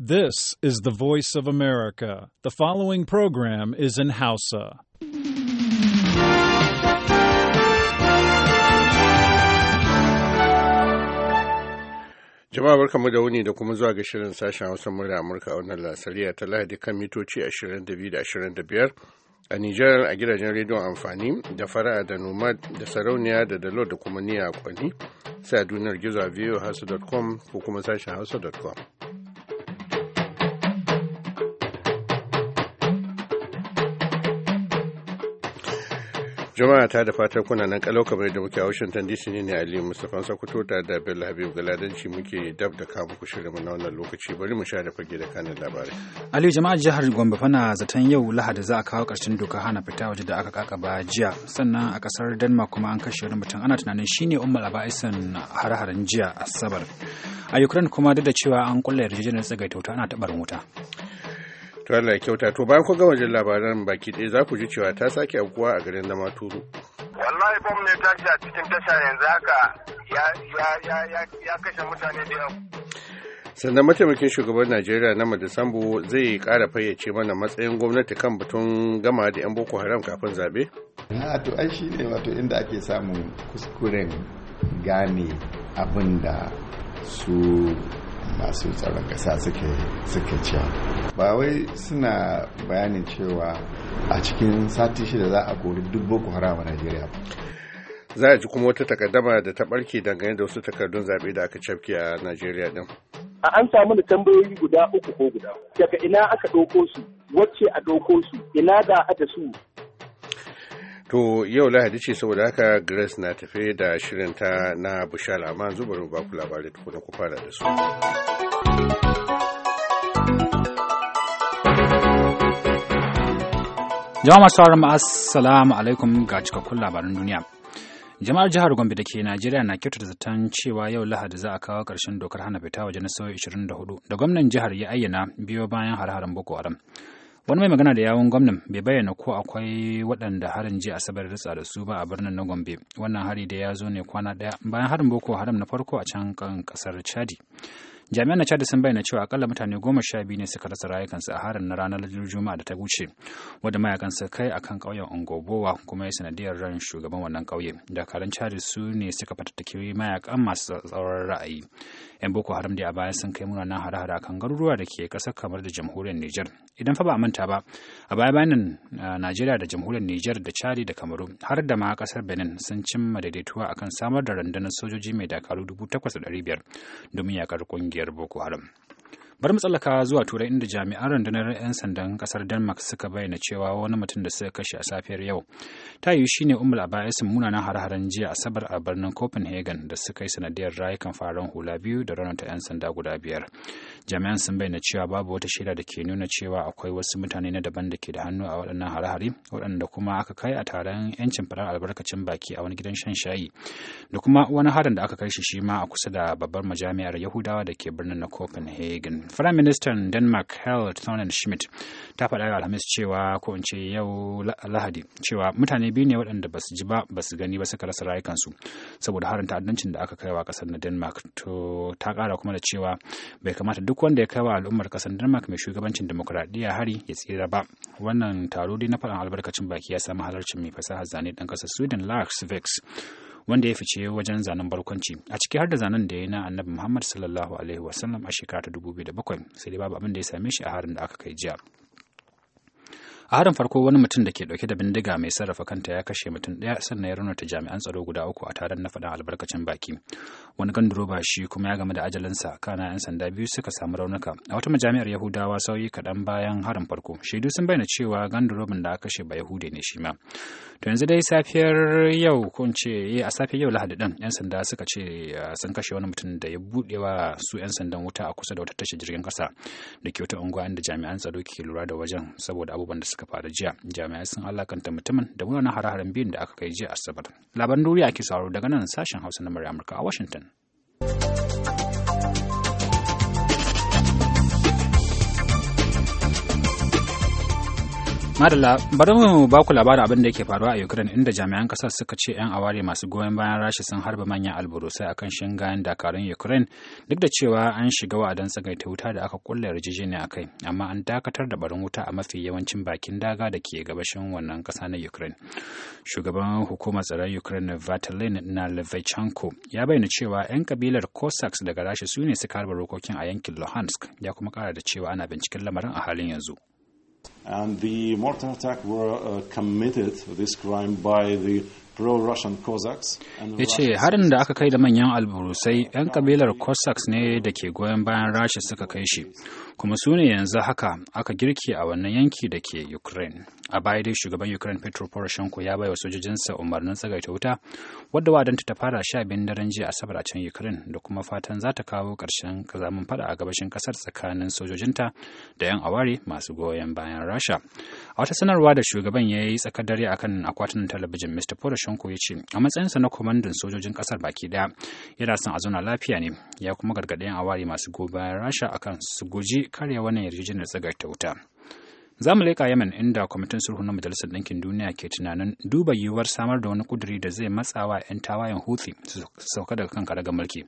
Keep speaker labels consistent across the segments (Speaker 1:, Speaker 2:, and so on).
Speaker 1: This is the voice of America. The following program is in Hausa.
Speaker 2: Jama'a barkamu da wuni da kuma zuwa ga shirin sashen Hausa murya Amurka a wannan lasariya ta Lahadi kan mitoci 22 da 25 a Nijar a gidajen rediyon amfani da fara'a da nomad da sarauniya da dalo da kuma niya kwani sai a duniyar gizo a ko kuma sashen hausa.com. jama'a ta da fatan kuna nan kalau kamar da muke a washington dc ne ne ali mustapha sokoto da da bello habib galadanci muke dab da kamu ku shirin na wannan lokaci bari mu sha da fage da kanin labarai
Speaker 3: aliyu jama'a jihar gombe fana zaton yau lahadi za a kawo karshen doka hana fita waje da aka kakaba jiya sannan a kasar denmark kuma an kashe wani mutum ana tunanin shine umar aba'isan har-haren jiya asabar a ukraine kuma duk da cewa an kulla yarjejeniyar tsagaita wuta ana tabarin wuta
Speaker 2: to Allah ya kyauta to bayan kun gama jin labaran baki ɗaya za ku ji cewa ta sake aukuwa a garin na maturu wallahi bom
Speaker 4: ne ta a cikin tasha yanzu haka ya kashe mutane da yawa
Speaker 2: sannan mataimakin shugaban najeriya na madisambu zai ƙara fayyace mana matsayin gwamnati kan batun gama da 'yan boko haram kafin zabe
Speaker 4: to ai shi ne wato inda ake samun kuskuren gane abinda su masu tsaron kasa suke cewa ba wai suna bayanin cewa a cikin sati shida za a kori duk boko
Speaker 2: harama a najeriya za a ji kuma wata takaddama da ta barke dangane da wasu takardun zaɓe da aka cafke a najeriya din
Speaker 5: a an samu da tambayoyi guda uku ko guda daga ina aka ɗauko su wacce a ɗauko su ina da aka su
Speaker 2: To yau Lahadi ce saboda haka Grace na tafe da shirinta na Bushal amma yanzu bari ba ku labarai tukuna ku fara da su.
Speaker 3: Jama'a masu sauran assalamu alaikum ga cikakkun labaran duniya. Jama'ar jihar Gombe da ke Najeriya na da zaton cewa yau Lahadi za a kawo ƙarshen dokar hana fita waje na sau 24 da gwamnan jihar ya ayyana biyo bayan har harin Boko Haram. wani mai magana da yawun gwamnan bai bayyana ko akwai waɗanda harin jiya asabar ritsa da su ba a birnin na gombe wannan hari da ya zo ne kwana ɗaya bayan harin boko haram na farko a can kan ƙasar chadi jami'an na chadi sun bayyana cewa akalla mutane goma sha biyu ne suka rasa rayukansu a harin na ranar juma'a da ta wuce wadda mayakan su kai a kan ƙauyen ongobowa kuma ya sanadiyar ran shugaban wannan ƙauye dakarun chadi su ne suka fatattaki mayakan masu tsauran ra'ayi 'yan boko haram da a baya sun kai munanan hare-hare kan garuruwa da ke ƙasar kamar da jamhuriyar niger idan fa ba a manta ba a baya bayanan najeriya da jamhuriyar niger da chadi da kamaru har da ma ƙasar benin sun cimma daidaituwa akan samar da rundunar sojoji mai dakaru 8,500 domin yakar ƙungiyar boko haram bar mu zuwa turai inda jami'an rundunar 'yan sandan kasar denmark suka bayyana cewa wani mutum da suka kashe a safiyar yau ta yiwu shine umar abayasin munanan har-haren jiya asabar a birnin copenhagen da suka yi sanadiyar rayukan faran hula biyu da ta 'yan sanda guda biyar jami'an sun bayyana cewa babu wata shaida da ke nuna cewa akwai wasu mutane na daban da ke da hannu a waɗannan hare-hare waɗanda kuma aka kai a taron yancin farar albarkacin baki a wani gidan shan shayi da kuma wani harin da aka kai shi shi ma a kusa da babbar majami'ar yahudawa da ke birnin na copenhagen prime ministan denmark held thorne schmidt ta faɗa alhamis cewa ko in ce yau lahadi cewa mutane biyu ne waɗanda ba su ji ba ba su gani ba suka rasa rayukansu saboda harin ta'addancin da aka kai wa ƙasar na denmark to ta ƙara kuma da cewa bai kamata duk duk wanda ya kawo al'ummar ƙasar denmark mai shugabancin demokuraɗiyya hari ya tsira ba wannan taro dai na faɗin albarkacin baki ya samu halarci mai fasaha zane ɗan ƙasar sweden lars vex wanda ya fice wajen zanen barkwanci a ciki har da zanen da ya na annabi muhammad sallallahu alaihi wasallam a shekara ta 2007 sai dai babu abin da ya same shi a harin da aka kai jiya a harin farko wani mutum da ke dauke da bindiga mai sarrafa kanta ya kashe mutum daya sannan ya raunata jami'an tsaro guda uku a taron na faɗin albarkacin baki wani ganduroba shi kuma ya game da ajalinsa kana yan sanda biyu suka samu raunuka a wata majami'ar yahudawa sauyi kaɗan bayan harin farko shaidu sun bayyana cewa ganduroban da aka kashe ba yahude ne shi ma to yanzu dai safiyar yau ko ce eh, a safiyar yau lahadi din yan sanda suka ce eh, sun kashe wani mutum da ya buɗe wa su yan sandan wuta a kusa da wata tashar jirgin kasa da ke wata unguwa inda jami'an tsaro ke lura da wajen saboda abubuwan da suka faru jiya jami'ai sun alakanta mutumin da wuraren hare-haren biyun da aka kai jiya asabar labaran duniya ake sauro daga nan sashen hausa na murya amurka a washington Madalla, bari mu ba ku labarin abin da yake faruwa a Ukraine inda jami'an kasar suka ce 'yan aware masu goyon bayan rashi sun harba manyan alburusai akan shingayen dakarun Ukraine duk da cewa an shiga wa'adan tsagaita wuta da aka kulle yarjejeniya a kai, amma an dakatar da barin wuta a mafi yawancin bakin daga da ke gabashin wannan kasa na Ukraine. Shugaban hukumar tsaron Ukraine Vatalin Nalevichenko ya bayyana cewa 'yan kabilar Cossacks daga rashi su ne suka harba rokokin a yankin Luhansk, ya kuma kara da cewa ana binciken lamarin a halin yanzu. And the mortar attack were uh, committed, this crime, by the pro ya ce harin da aka kai da manyan alburusai 'yan kabilar cossacks ne da ke goyon bayan rasha suka kai shi kuma su ne yanzu haka aka girki a wannan yanki da ke ukraine a baya dai shugaban ukraine petro poroshenko ya bai wa sojojinsa umarnin tsagaita wuta wadda wadanta ta fara sha biyun daren jiya asabar a can ukraine da kuma fatan za ta kawo karshen kazamin fada a gabashin ƙasar tsakanin sojojinta da 'yan aware masu goyon bayan rasha a wata sanarwa da shugaban ya yi tsakar dare akan akwatin talabijin mr poroshenko ya ce a matsayinsa na kwamandan sojojin kasar baki daya yana son a zauna lafiya ne ya kuma gargaɗi 'yan aware masu goyon bayan rasha akan su guji karya wannan yarjejeniyar ta wuta. Za mu leƙa Yemen inda kwamitin sulhu na Majalisar Ɗinkin Duniya ke tunanin duba yiwuwar samar da wani kuduri da zai matsawa 'yan tawayen Houthi su sauka daga kan karagar mulki,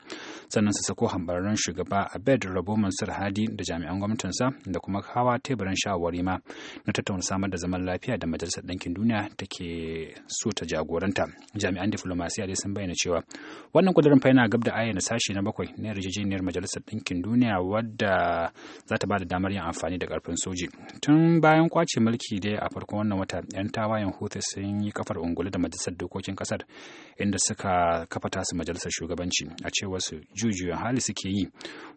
Speaker 3: sannan su sako hambararren shugaba Abed Rabo Mansur Hadi da jami'an gwamnatinsa da kuma hawa teburin shawarwari ma na tattauna samar da zaman lafiya da Majalisar Ɗinkin Duniya take so ta jagoranta. Jami'an diflomasiya dai sun bayyana cewa wannan kudurin fa yana gab da ayyana sashi na bakwai na yarjejeniyar majalisar ɗinkin duniya wadda za ta ba da damar yin amfani da ƙarfin soji tun bayan kwace mulki dai a farkon wannan wata yan tawayen hutu sun yi kafar ungulu da majalisar dokokin kasar inda suka kafa tasu majalisar shugabanci a cewar su jujuyan hali suke yi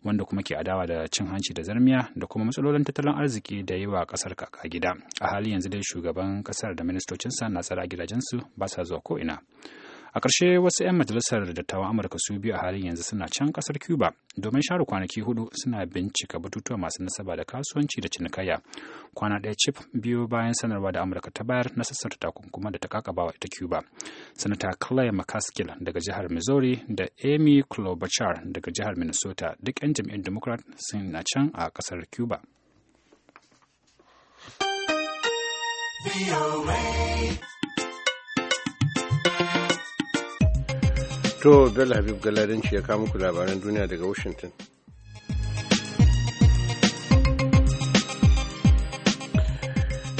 Speaker 3: wanda kuma ke adawa da cin hanci da zarmiya da kuma matsalolin tattalin arziki da yi wa kasar kaka gida a hali yanzu dai shugaban kasar da ministocinsa na tsara gidajensu ba sa zuwa ko ina a ƙarshe wasu 'yan majalisar dattawan amurka su biyu a halin yanzu suna can ƙasar cuba domin share kwanaki hudu suna bincika batutuwa masu nasaba da kasuwanci da cinikayya kwana ɗaya cif biyu bayan sanarwa da amurka ta bayar na sassar takunkuma da ta kakabawa ita cuba sanata clay mccaskill daga jihar missouri da amy klobuchar daga jihar minnesota duk 'yan jam'iyyar democrat sun can a ƙasar cuba
Speaker 2: To, Bello Habib Galadanci ya kawo muku labaran duniya daga Washington.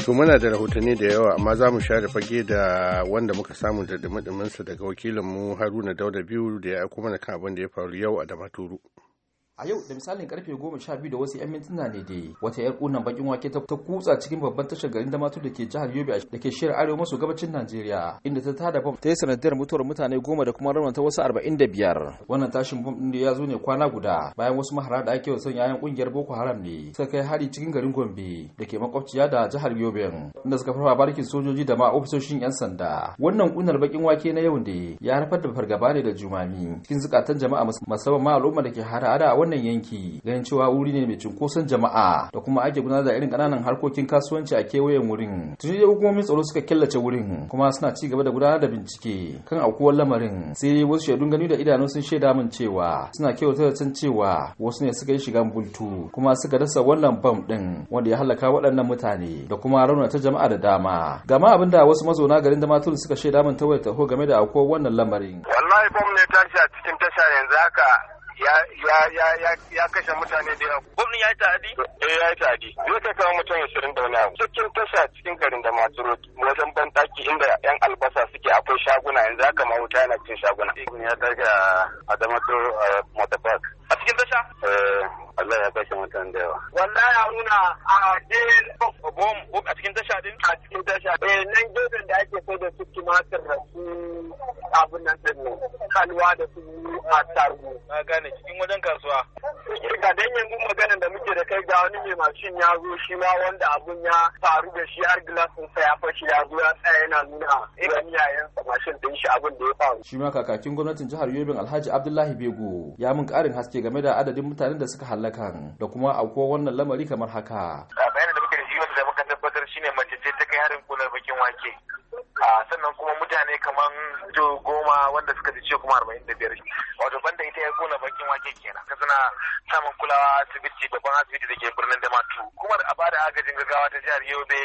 Speaker 2: To muna da rahotanni da yawa amma za mu share fage da wanda muka samu da dimadiminsa daga wakilinmu Haruna Dauda biyu da ya aiko mana kan abin da ya faru yau a Damaturu.
Speaker 6: a yau da misalin karfe goma sha biyu da wasu yan mintuna ne dai wata yar kunan bakin wake ta kutsa cikin babban tashar garin damatu da ke jihar yobe da ke shirin arewa maso gabacin najeriya inda ta tada bom ta yi sanadiyar mutuwar mutane goma da kuma raunata wasu arba'in da biyar wannan tashin bom ɗin ya zo ne kwana guda bayan wasu mahara da ake wasan yayan kungiyar boko haram ne suka kai hari cikin garin gombe da ke makwabciya da jihar yobe inda suka fara barkin sojoji da ma ofisoshin yan sanda wannan kunar bakin wake na yau ne ya haifar da fargaba ne da jumami cikin zukatan jama'a musamman ma al'umma da ke hada-hada wannan yanki ganin cewa wuri ne mai cunkoson jama'a da kuma ake gudanar da irin ƙananan harkokin kasuwanci a kewayen wurin tun da hukumomin tsaro suka killace wurin kuma suna ci gaba da gudanar da bincike kan aukuwar lamarin sai dai wasu shaidun gani da idanu sun shaida min cewa suna kyautar da san cewa wasu ne suka yi shigan bultu kuma suka dasa wannan bam din wanda ya halaka waɗannan mutane da kuma raunata jama'a da dama gama abin da wasu mazauna garin damaturu suka shaida min ta taho game da aukuwar wannan lamarin wallahi bam ne tashi a cikin
Speaker 4: tasha yanzu haka ya kashe mutane da yawa. Gwamnan ya yi ta'adi? Eh ya yi ta'adi. Zai kai kawo
Speaker 5: mutum ashirin da wani abu. Cikin tasha cikin garin da masu wajen bantaki inda 'yan albasa suke
Speaker 7: akwai shaguna yanzu haka ma wuta yana cikin shaguna. Ya daga Adamato eh, Motor Park. a cikin tasha? Eh, Allah ya kashe mutan da yawa.
Speaker 5: Wallahi nuna a jin bom a cikin tasha din? A cikin tasha. Eh nan gefen da ake so da su tumatir da su abin nan din ne. Kalwa da su attarugu. Na gane cikin wajen kasuwa. Ka dan yanzu maganan da muke da kai ga wani mai mashin ya zo shi ma wanda abun ya faru da shi har gilasin sa ya fashi ya zo ya tsaya yana nuna eh. wani yayansa mashin din
Speaker 6: shi abin da ya faru. Shi ma kakakin gwamnatin jihar Yobin Alhaji Abdullahi Bego ya mun karin haske ke game da adadin mutanen da suka hallaka da kuma aukuwa wannan lamari kamar haka. bayanin da muka da shi
Speaker 5: wanda muka tabbatar shine mace ce ta kai harin kunar bakin wake sannan kuma mutane kamar jo goma wanda suka dace kuma arba'in da biyar wato banda ita ya kona bakin wake kenan ka suna samun kulawa asibiti babban asibiti da ke birnin damatu kuma a bada agajin gaggawa ta jihar yobe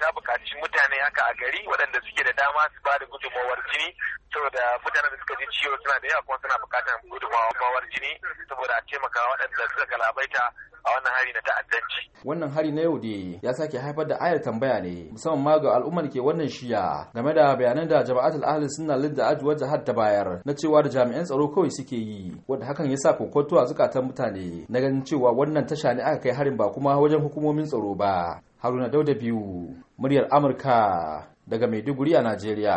Speaker 5: ta buƙaci mutane haka a gari waɗanda suke da dama su bada gudunmawar jini saboda mutanen da suka ji ciwo suna da yawa kuma suna buƙatar gudunmawar jini saboda a taimaka waɗanda suka galabaita a wannan hari na ta'addanci.
Speaker 6: Wannan hari na yau ne ya sake haifar da ayar tambaya ne musamman ma ga al'ummar ke wannan shiya game da bayanan da jama'atul ahli sunna lid da ajwar jihar ta bayar na cewa da jami'an tsaro kawai suke yi wanda hakan ya sa kokotuwa a zukatan mutane na ganin cewa wannan tasha ne aka kai harin ba kuma wajen hukumomin tsaro ba.
Speaker 2: Haruna Dauda biyu muryar Amurka daga Maiduguri a Najeriya.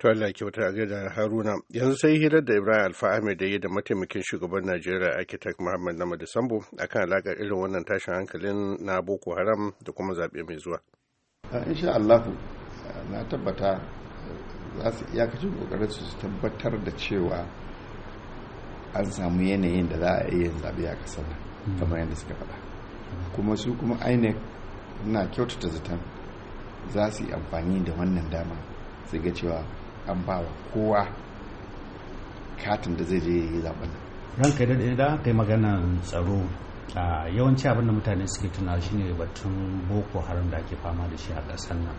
Speaker 2: to Allah kyauta da Haruna yanzu sai hirar da Ibrahim Alfa Ahmed da yi da mataimakin shugaban Najeriya Architect Muhammad Namadi Sambo akan alakar irin wannan tashin hankalin na Boko Haram da kuma zaɓe mai zuwa. Insha Allah
Speaker 4: na tabbata za su iya kacin kokarin su tabbatar da cewa an samu yanayin da za a iya zaɓe a ƙasar nan kamar yadda suka faɗa kuma su kuma INEC na kyautata zaton za su yi amfani da wannan dama su ga cewa an ba wa kowa katin da zai je yi zaben
Speaker 3: ranka idan aka kai maganar tsaro a yawanci abin da mutane suke tuna shine batun boko haram da ake fama da shi a ƙasar nan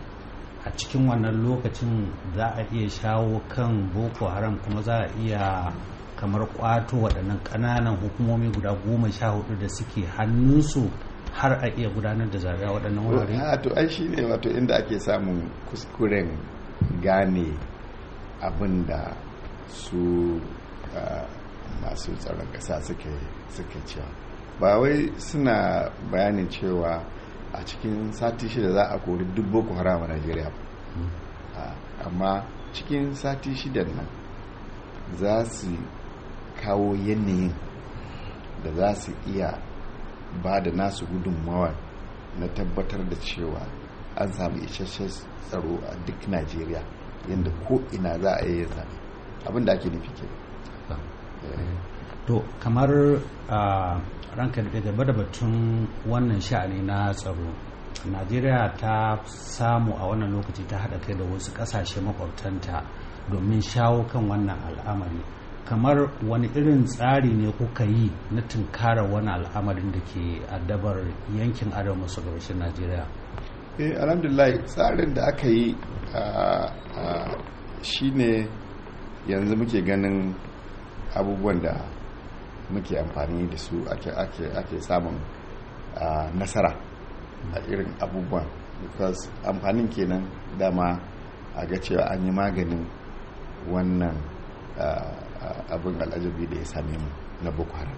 Speaker 3: a cikin wannan lokacin za a iya shawo kan boko haram kuma za a iya kamar kwato waɗannan ƙananan hukumomi guda goma sha hudu da suke hannunsu har a iya gudanar da zaɓe waɗannan wurare?
Speaker 4: to ai shi ne wato inda ake samun kuskuren gane abin da su masu tsaron ƙasa suke cewa ba wai suna bayanin cewa a cikin sati shida za a kori duk boko haram najeriya ba amma cikin sati shida nan za su kawo yanayin da za su iya ba da nasu gudunmawa na tabbatar da cewa an samu isasshen tsaro a duk najeriya yadda ko ina za a yi zane abin da ake nufi ke
Speaker 3: to kamar ranka da gaba da batun wannan sha'ani na tsaro najeriya ta samu a wannan lokaci ta haɗa kai da wasu ƙasashe makwabtanta domin shawo kan wannan al'amari kamar wani irin tsari ne kuka yi na tunkarar wani al'amarin da ke addabar yankin arewa maso gabashin
Speaker 8: najeriya
Speaker 4: eh alhamdulillah tsarin da aka yi shine yanzu muke ganin abubuwan da muke amfani da su ake ake samun nasara a irin abubuwan because amfanin kenan dama a ga cewa an yi maganin wannan abin al'ajabi da ya same mu na bukwara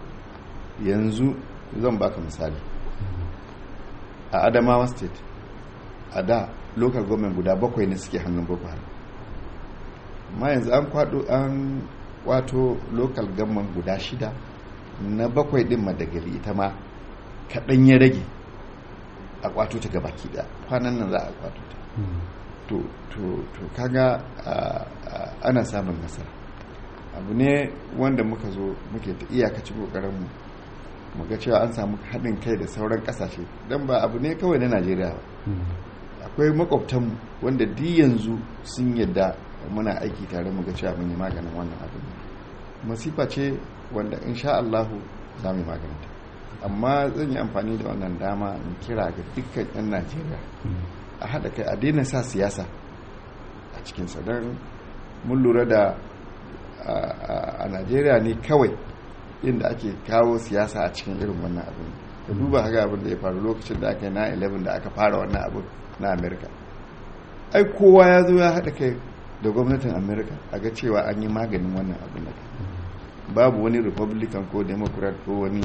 Speaker 4: yanzu zan baka misali a adamawa state a da local government guda bakwai ne suke hannun boko haram ma yanzu an kwado an kwato local government guda shida na bakwai din madagali ita ma kaɗan ya rage a kwato ta gaba da kwanan nan za a kwato ta hmm. to to to kaga ana samun nasara abu ne wanda muka zo muke ta iyakacin kokarin mu mu ga cewa an samu haɗin kai da sauran ƙasashe don ba abu ne kawai na najeriya ba hmm. akwai makwabtanmu wanda di yanzu sun yadda muna aiki tare mu ga cewa mun yi maganin wannan abin masifa ce wanda insha Allahu za mu yi maganinta amma zan yi amfani da wannan dama in kira ga dukkan 'yan Najeriya a haɗa kai a daina sa siyasa a cikinsa don mun lura da a Najeriya ne kawai inda ake kawo siyasa a cikin irin wannan abin ka duba haka abin da ya faru lokacin da aka yi na 11 da aka fara wannan abin na amerika ai kowa ya zo ya haɗa kai da gwamnatin amerika a ga cewa an yi maganin wannan abin da babu wani republican ko democrat ko wani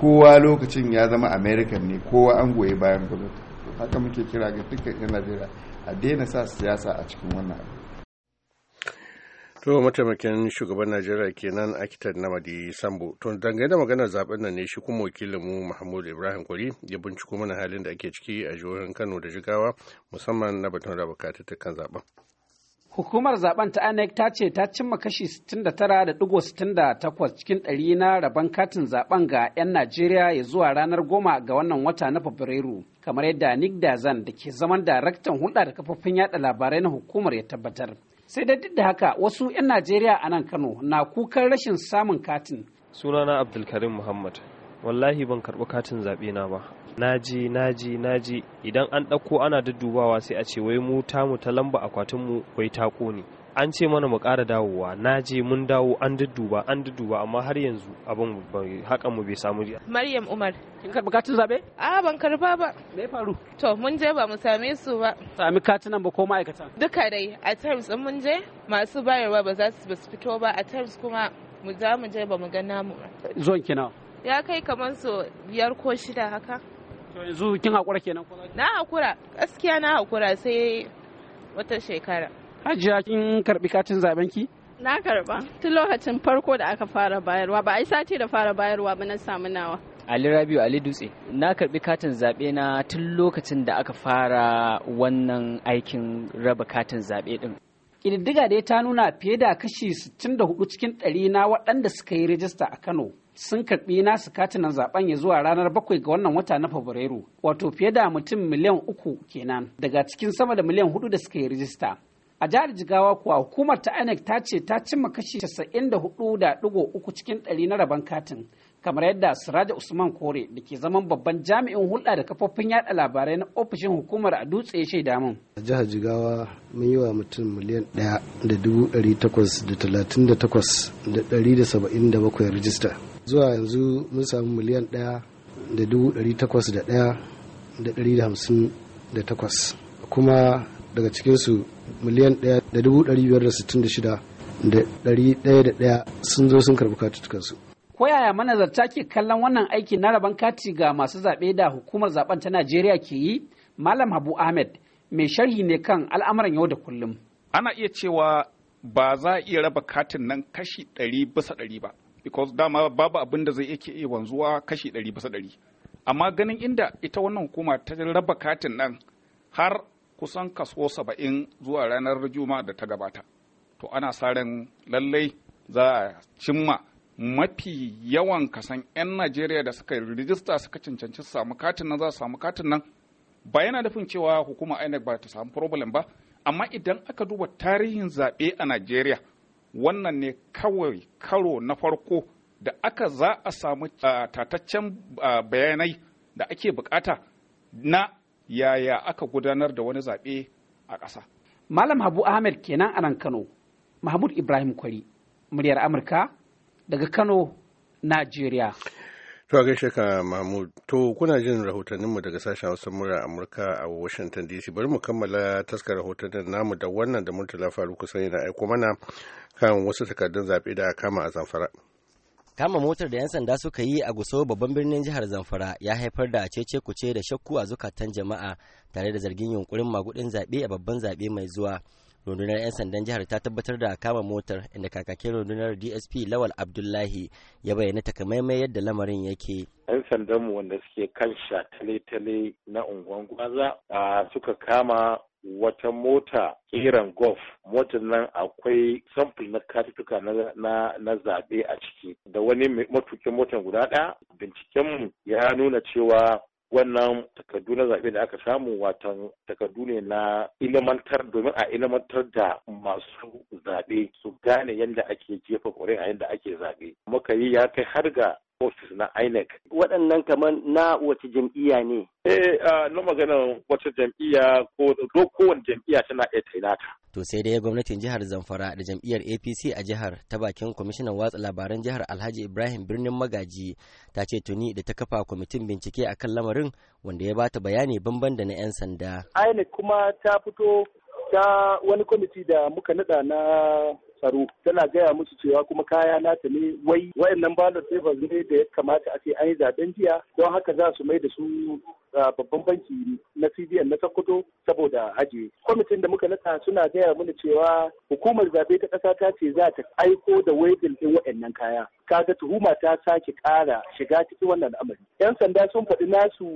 Speaker 4: kowa lokacin ya zama amerika ne kowa an goyi bayan gwamnati haka muke kira ga dukkan yan najeriya a daina sa siyasa a cikin wannan abu
Speaker 2: To mataimakin shugaban Najeriya kenan akitan Namadi Sambo. To dangane da maganar zaben nan ne shi kuma wakilinmu Mahmud Ibrahim Kwari ya binciko mana halin da ake ciki a jihohin Kano da Jigawa musamman na batun raba katattakan zaben.
Speaker 8: Hukumar zaben ta INEC ta ce ta cimma kashi 69.68 cikin ɗari na rabon katin zaben ga 'yan Najeriya ya zuwa ranar goma ga wannan wata na Fabrairu. kamar yadda Nick Dazan da ke zaman daraktan hulɗa da kafofin yada labarai na hukumar ya tabbatar.
Speaker 6: sai da duk da haka wasu 'yan najeriya
Speaker 8: a nan kano na kukan rashin samun katin
Speaker 6: sunana abdulkarim muhammad wallahi ban karɓi katin zaɓe na ba naji naji naji idan an ɗauko ana duddubawa sai a ce wai mu tamu ta lamba akwatinmu wai ta ƙone an ce mana mu ƙara dawowa na je mun dawo an dudduba an dudduba amma har yanzu abin hakan mu bai samu riya Maryam Umar kin karba katin zabe a ban karba ba me faru to mun je ba mu same su ba
Speaker 8: sami katinan ba ko ma'aikata
Speaker 6: duka dai a times din mun je masu bayarwa ba za su fito ba a times kuma mu za mu je ba mu ga namu ki na. ya kai kamar so biyar ko shida haka
Speaker 8: to yanzu kin hakura kenan ko
Speaker 6: na hakura gaskiya na hakura sai wata shekara
Speaker 8: Hajiya kin karbi katin zaben ki?
Speaker 9: Na karba. Tun lokacin farko da aka fara bayarwa ba ai sati da fara bayarwa ba na samu nawa.
Speaker 8: Ali Rabiu Ali Dutse. Na karbi katin zabe na tun lokacin da aka fara wannan aikin raba katin zaɓe din. Ƙididdiga dai ta nuna fiye da kashi 64 cikin ɗari na waɗanda suka yi rajista a Kano sun karɓi nasu katinan zaben ya zuwa ranar bakwai ga wannan wata na Fabrairu, wato fiye da mutum miliyan uku kenan daga cikin sama da miliyan hudu da suka yi rajista. a jihar jigawa kuwa hukumar ta inec ta ce ta cimma kashi 94.3 cikin 100 na rabon katin kamar yadda siraja usman kore da ke zaman babban jami'in hulɗa da kafofin yada labarai na ofishin hukumar a dutse ya shaida min
Speaker 9: jihar jigawa mun yi wa mutum miliyan ɗaya da dubu ɗari takwas da talatin da takwas da ɗari da saba'in da bakwai rijista zuwa yanzu mun samu miliyan ɗaya da dubu ɗari takwas da ɗaya da ɗari da hamsin da takwas kuma daga cikinsu miliyan 1,566 da sun zo sun karbi katutukansu.
Speaker 8: Ko yaya manazarta ke kallon wannan aiki na rabon kati ga masu zaɓe da hukumar zaɓen ta Najeriya ke yi? Malam Habu Ahmed mai sharhi ne kan al'amuran yau da kullum. Ana iya
Speaker 4: cewa ba za a iya raba katin nan kashi ɗari bisa ɗari ba, because dama babu abin da zai yake iya wanzuwa kashi ɗari bisa ɗari. Amma ganin inda ita wannan hukuma ta raba katin nan har kusan kaso saba'in zuwa ranar juma'a da ta gabata to ana sa ran lallai za a cimma mafi yawan kasan 'yan najeriya da suka rijista suka cancanci samu katin nan za su samu katin nan ba yana nufin cewa hukuma inec ba ta samu problem ba amma idan aka duba tarihin zaɓe a najeriya wannan ne kawai karo na farko da aka za a samu ah, tataccen ah, bayanai da ake bukata na yaya aka gudanar da wani zaɓe a ƙasa.
Speaker 8: Malam Habu Ahmed kenan a nan Kano, Mahmud Ibrahim Kwari, muryar Amurka daga Kano, Najeriya.
Speaker 2: To a gaishe ka Mahmud, to kuna jin rahotanninmu daga sashen Hausa murar Amurka a Washington DC. Bari mu kammala taskar rahotannin namu da wannan da Murtala Faruku sai na aiko mana kan wasu takardun zaɓe da kama a Zamfara. kama motar
Speaker 9: da 'yan sanda suka yi a guso babban birnin jihar zamfara ya haifar da cece kuce da shakku a zukatan jama'a tare da zargin yunkurin magudin zaɓe a babban zaɓe mai zuwa rundunar 'yan sandan jihar ta tabbatar da kama motar inda kakakin rundunar dsp lawal abdullahi ya bayyana takamaimai yadda lamarin yake
Speaker 5: 'yan sandanmu wanda suke kan shatale-tale na unguwan gwaza suka kama wata mota iran golf motar nan akwai samfur na katifika na, zaɓe a ciki da wani matukin motar guda ɗaya bincikenmu ya nuna cewa wannan takardu na zaɓe da aka samu watan takardu ne na ilimantar domin a ilimantar da masu zaɓe su gane yadda ake jefa a yadda ake zaɓe muka yi ya kai har
Speaker 9: ga ofis
Speaker 5: na INEC. Waɗannan
Speaker 9: kamar na wace jam'iyya ne? Eh,
Speaker 5: na magana wace jam'iyya ko kowane jam'iyya tana iya tainata.
Speaker 9: To sai dai gwamnatin jihar Zamfara da jam'iyyar APC a jihar ta bakin kwamishinan watsa labaran jihar Alhaji Ibrahim Birnin Magaji ta ce tuni da ta kafa kwamitin bincike a kan lamarin wanda ya bata bayani bamban da na 'yan sanda.
Speaker 5: INEC kuma ta fito ta wani kwamiti da muka nada na tsaro tana gaya musu cewa kuma kaya nata ne wai wayannan ballot papers ne da ya kamata a ce an yi zaben jiya don haka za su mai da su babban banki na CBN na Sokoto saboda ajiye. Kwamitin da muka nasa suna gaya mana cewa hukumar zabe ta ƙasa ta ce za ta aiko da waibin ɗin waɗannan kaya. Kaga tuhuma ta sake ƙara shiga cikin wannan al'amari. 'Yan sanda sun faɗi nasu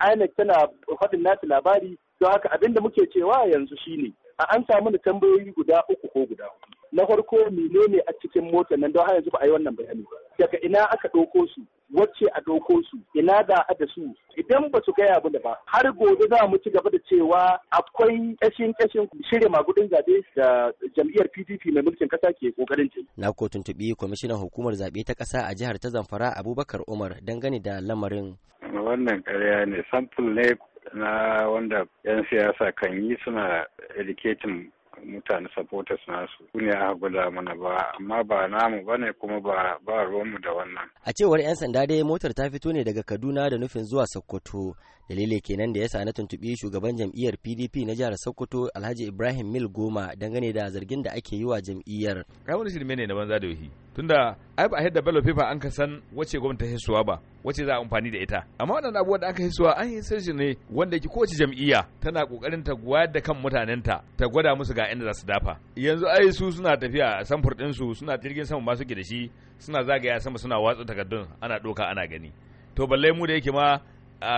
Speaker 5: INEC tana faɗin nasu labari don haka abinda muke cewa yanzu shine an samu da tambayoyi guda uku ko guda hudu na farko menene a cikin motar nan don har yanzu ba a yi wannan bayani daga ina aka ɗauko su wacce a ɗauko su ina da a da su idan ba su gaya da ba har gobe za mu ci gaba da cewa akwai ƙashin ƙashin shirya magudin zaɓe da jam'iyyar pdp mai mulkin ƙasa ke ƙoƙarin ce.
Speaker 9: na ko tuntuɓi kwamishinan hukumar zaɓe ta ƙasa a jihar ta zamfara abubakar umar dangane da lamarin.
Speaker 3: wannan ƙarya ne samfur ne na wanda 'yan siyasa kan yi suna educating mutane supporters nasu su ne a guda mana ba amma ba namu ba ne kuma ba ba ruwanmu da wannan
Speaker 9: a cewar 'yan sanda dai motar ta fito ne daga kaduna da nufin zuwa sokoto dalili kenan da ya sa na tuntuɓi shugaban jam'iyyar pdp na jihar sokoto alhaji ibrahim mil goma dangane da zargin
Speaker 6: da ake yi wa jam'iyyar kai wani shirme ne na banza da wahi tunda ai ba a yadda ballot paper an ka san wace gwamnati ta hisuwa ba wace za a amfani da ita amma wannan abubuwa da aka hisuwa an yi shi ne wanda ke kowace jam'iyya tana kokarin ta gwada kan mutanenta ta gwada musu ga inda za su dafa yanzu ai su suna tafiya a samfur din su suna jirgin sama masu suke da shi suna zagaya sama suna watsa takardun ana doka ana gani to balle mu da yake ma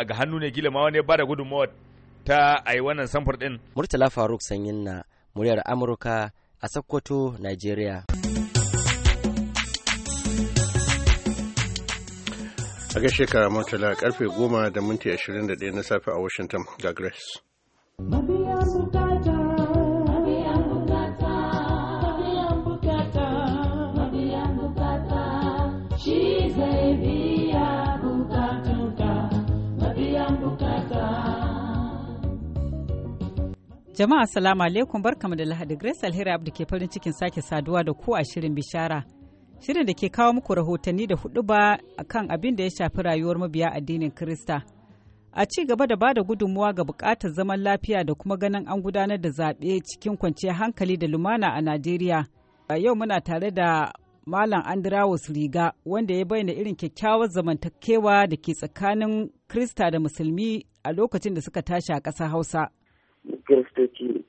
Speaker 6: ga hannu ne kila ma wani ba da gudunmawa ta ai wannan samfur din
Speaker 9: murtala faruk sanyin na muryar amurka
Speaker 2: a sokoto nigeria a ga shekara murtala karfe goma da minti 21 na safe a washington ga grace
Speaker 1: Jama'a salamu alaikum barkamu da Lahadi Grace Alheri Abdu ke farin cikin sake saduwa da ku a shirin bishara. shirin da ke kawo muku rahotanni da a kan abin da ya shafi rayuwar mabiya addinin Kirista. A ci gaba da bada gudunmuwa ga bukatar zaman lafiya da kuma ganin an gudanar da zaɓe cikin kwanciyar hankali da lumana a Najeriya. A yau muna tare da Malam Andrawus Riga wanda ya bayyana irin kyakkyawar zamantakewa da ke tsakanin Kirista da Musulmi a lokacin da suka tashi a ƙasar Hausa.
Speaker 7: Kiristoci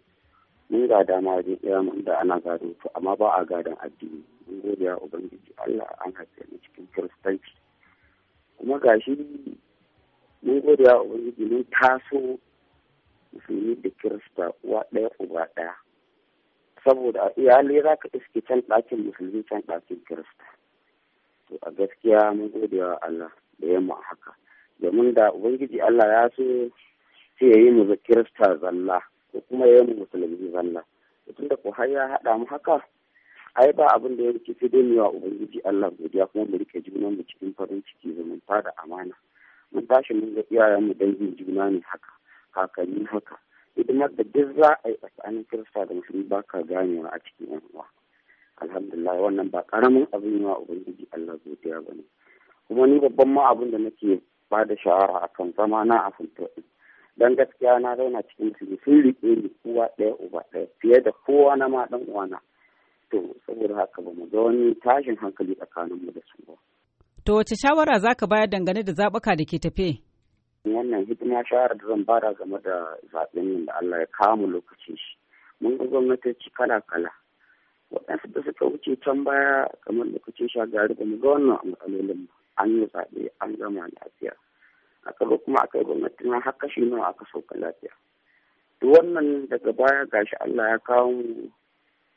Speaker 7: mun ga ma wajen iyamun da ana gado to amma ba a gadon addini mun godiya wa ubangiji Allah an haife ni cikin kiristanci kuma gashi mun godiya wa ubangiji mun taso musulmi da kirista uwa ɗaya uba ɗaya saboda a iyalai za ka iske can ɗakin musulmi can ɗakin kirista to a gaskiya mun godiya wa Allah da yamma haka domin da ubangiji Allah ya so sai ya yi mu kirista zalla da kuma yawan musulmi zalla Mutum da ko har ya haɗa mu haka ai ba abin da ya rike sai dai wa ubangiji Allah godiya kuma mu rike juna mu cikin farin ciki zumunta da amana mun tashi mun ga iyayen mu dangin juna ne haka kakanni haka hidimar da duk za a yi tsakanin kirista da musulmi ba ka ganewa a cikin yan uwa alhamdulillah wannan ba karamin abin yawa ubangiji Allah godiya ba ne kuma ni babban ma abin da nake ba da shawara akan zama na a don gaskiya na zauna cikin su sun riƙe ni uwa ɗaya uba ɗaya fiye da kowa na ma ɗan uwana to saboda haka ba mu ga wani tashin hankali tsakanin mu da su ba
Speaker 1: to wace shawara za ka bayar dangane da zaɓuka da ke tafe
Speaker 7: wannan hidima shawara da zan bada game da zaɓen da Allah ya kama lokacin shi mun ga gwamnatoci kala kala waɗansu da suka wuce can baya kamar lokacin shagari ba mu ga wannan matsalolin an yi zaɓe an gama lafiya aka kuma aka yi gwamnati na har kashi nawa aka sauka lafiya to wannan daga baya gashi Allah ya kawo mu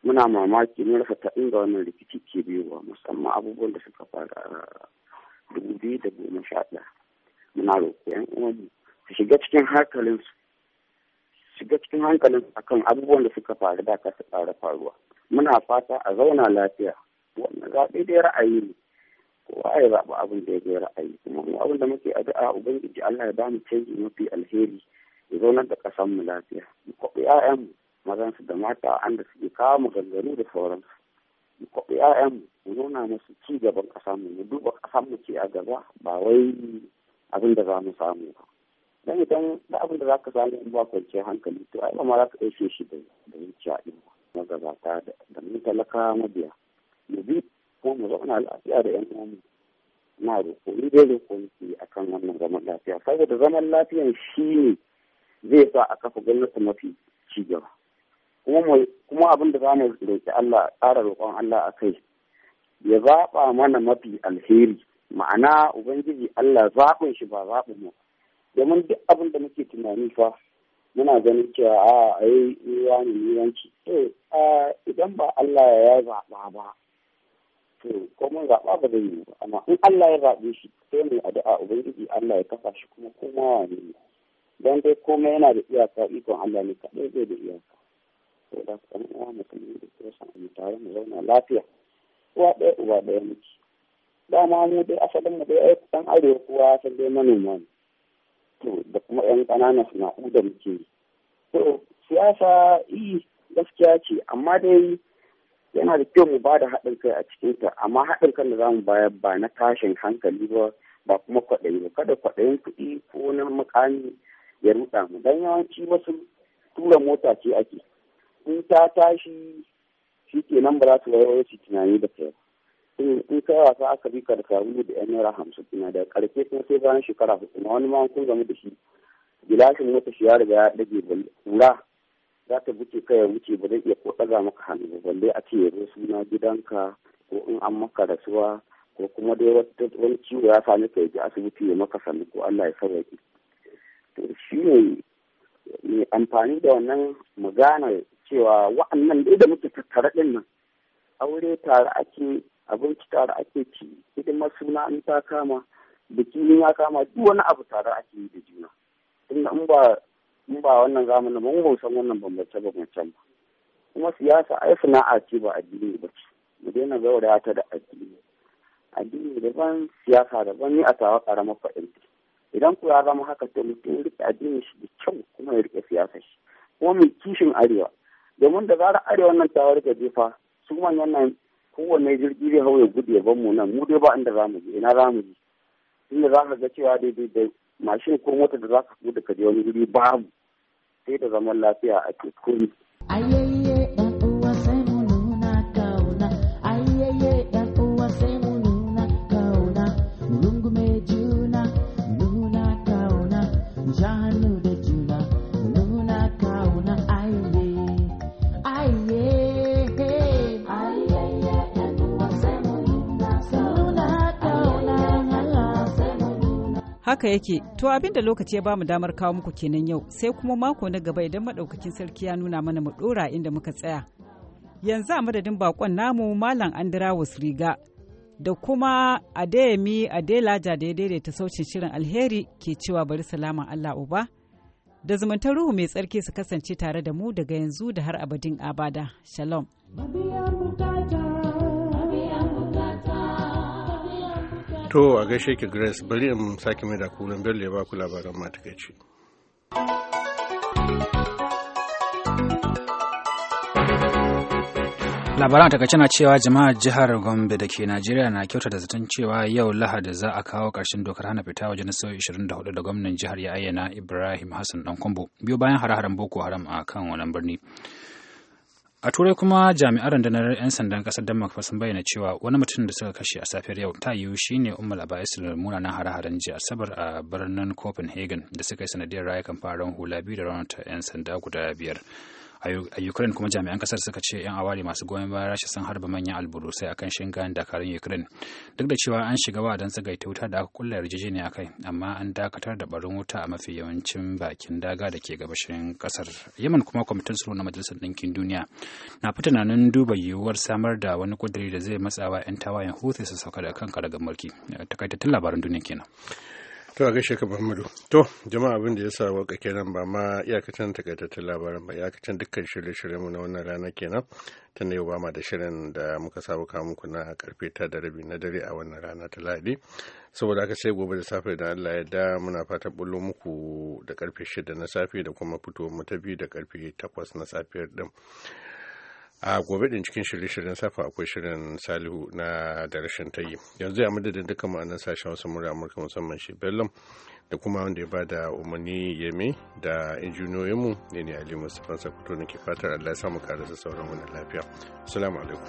Speaker 7: muna mamaki mun rasa ta inda wannan rikici ke biyowa musamman abubuwan da suka fara dubu biyu da goma sha ɗaya muna roƙo yan uwanmu su shiga cikin hankalinsu shiga cikin hankalin akan abubuwan da suka faru da ka su faruwa muna fata a zauna lafiya wannan zaɓe dai ra'ayi ne kowa ya zaɓi abin da ya ga ra'ayi kuma mu abin da muke addu'a ubangiji Allah ya bamu canji mafi alheri ya zaunar da ƙasar mu lafiya mu kwaɓi ƴaƴan mazan su da mata an da suke kawo mu gangaru da sauransu mu kwaɓi ƴaƴan mu nuna musu ci gaban ƙasar mu mu duba ƙasar mu ce a gaba ba wai abin da za mu samu ba dan idan da abin da za ka samu in ba kwanciyar hankali to ai ba ma za ka ɗauke shi da zuciya ɗin magabata da mu talaka mabiya mu bi ko mu zauna lafiya da 'yan uwanmu na roƙo ni dai roƙo a kan wannan zaman lafiya saboda zaman lafiyan shi ne zai sa a kafa gwamnati mafi ci gaba kuma abin da za mu roƙi Allah ƙara roƙon Allah a kai ya zaɓa mana mafi alheri ma'ana ubangiji Allah zaɓin shi ba zaɓin mu domin duk abin da muke tunani fa muna ganin cewa a ai ni wani ni wanci eh idan ba Allah ya zaɓa ba to komai zaɓa ba zai yi ba amma in Allah ya zaɓe shi sai mai addu'a ubangiji Allah ya kafa shi kuma kuma wani ne dai komai yana da iyaka ikon Allah ne kaɗai zai da iyaka to da kuma ya da kusa mu tare mu zauna lafiya uwa ɗaya uwa ɗaya muke dama mu dai asalin mu dai aiki dan arewa kuwa san dai manoma ne to da kuma 'yan kanana suna uda muke to siyasa yi gaskiya ce amma dai yana da kyau mu ba da haɗin kai a cikin ta amma haɗin kan da za mu bayar ba na tashin hankali ba ba kuma kwaɗayi ba kada kwaɗayin kuɗi ko na mukami ya ruɗa mu dan yawanci wasu tura mota ce ake in ta tashi shi ke nan ba za su wayo su tunani da kai in kai wasa aka bi ka da da yan naira hamsin kuma da karfe kuma sai bayan shekara hudu wani ma kun gamu da shi gilashin mota shi ya riga ya ɗage kura za ta buke kai ya wuce ba zai iya ko ɗaga maka hannu ba balle a ce ya zo suna gidanka ko in an maka rasuwa ko kuma dai wani ciwo ya sami ka yaji asibiti ya maka sannu ko Allah ya sauwaƙe to shi ne mai amfani da wannan maganar cewa wa'annan dai da muke tattare ɗin nan aure tare ake abinci tare ake ci hidimar suna in ta kama biki ya kama duk wani abu tare ake yi da juna tunda in ba in ba wannan zamanin ba mun san wannan bambance bambancen ba kuma siyasa ai sana'a ce ba addini ba ce mu daina gauraya ta da addini addini daban siyasa daban ni a tawa karamar fahimta idan ku ya zama haka to mutum ya rike addinin shi da kyau kuma ya rike siyasar shi kuma mai kishin arewa domin da zarar arewa nan ta warga jefa su manyan nan kowanne jirgi zai hau ya gudu ya ban mu nan mu dai ba inda za mu je ina za mu je inda za ka ga cewa daidai da mashin ko mota da za ka gudu ka je wani guri babu sai da zaman lafiya a cikin.
Speaker 1: haka yake to abin da lokaci ya bamu damar kawo muku kenan yau sai kuma mako na gaba idan madaukakin sarki ya nuna mana mu dora inda muka tsaya yanzu a madadin bakon namu malam andrawus riga da kuma adeyemi adelaja da ya daidaita saucin shirin alheri ke cewa bari salaman allah uba da zumuntar ruhu mai tsarki su kasance tare da mu daga yanzu da har abadin abada shalom
Speaker 2: To a gaishe ki Grace bari in sake mai da kulan Bello ya baku labaran matakaici.
Speaker 3: Labaran takaice na cewa jama'ar jihar Gombe da ke Najeriya na kyauta da zaton cewa yau Lahadi za a kawo ƙarshen dokar hana fita wajen na sau 24 da gwamnan jihar ya ayyana Ibrahim Hassan Dankwambo biyu bayan hare-haren Boko Haram a kan wannan birni. A Turai kuma jami'an rundunar 'yan sandan ƙasar Denmark sun bayyana cewa wani mutum da suka kashe a safiyar yau ta yiwu shi ne Ummul Abaisul munanan hare-haren jiya Asabar a birnin Copenhagen da suka yi sanadiyar rayukan faran hula biyu da ranar 'yan sanda guda biyar. a ukraine kuma jami'an kasar suka ce 'yan awari masu goyon bayan rasha sun harba manyan alburusai akan shingayen dakarun ukraine duk da cewa an shiga wa don tsagaita wuta da aka kulla yarjejeniya a kai amma an dakatar da barin wuta a mafi yawancin bakin daga da ke gabashin kasar yaman kuma kwamitin tsaro na majalisar ɗinkin duniya na fi tunanin duba yiwuwar samar da wani kudiri da zai matsawa 'yan tawayen hutu su sauka da kanka daga mulki
Speaker 2: takaitattun labaran duniya kenan to a gaishe ka muhammadu to jama'a abin da ya sa waka kenan ba ma iyakacin takaitattun labaran ba iyakacin dukkan shirye-shiryen mu na wannan rana kenan ta yau ba ma da shirin da muka sabu kawo muku na karfe ta da rabi na dare a wannan rana ta lahadi saboda haka sai gobe da safe da allah ya da muna fata bullo muku da karfe shida na safe da kuma fito mu ta biyu da karfe takwas na safiyar din a gobe din cikin shirye-shiryen safa akwai shirin salihu na da rashin tayi yanzu ya madadin duka ma'anar sashen wasu mura amurka musamman shi bellum da kuma wanda ya bada umarni yemi da injiniyoyinmu ne ne ali mustapha sakuto ke fatar allah ya samu karasa sauran wani lafiya assalamu alaikum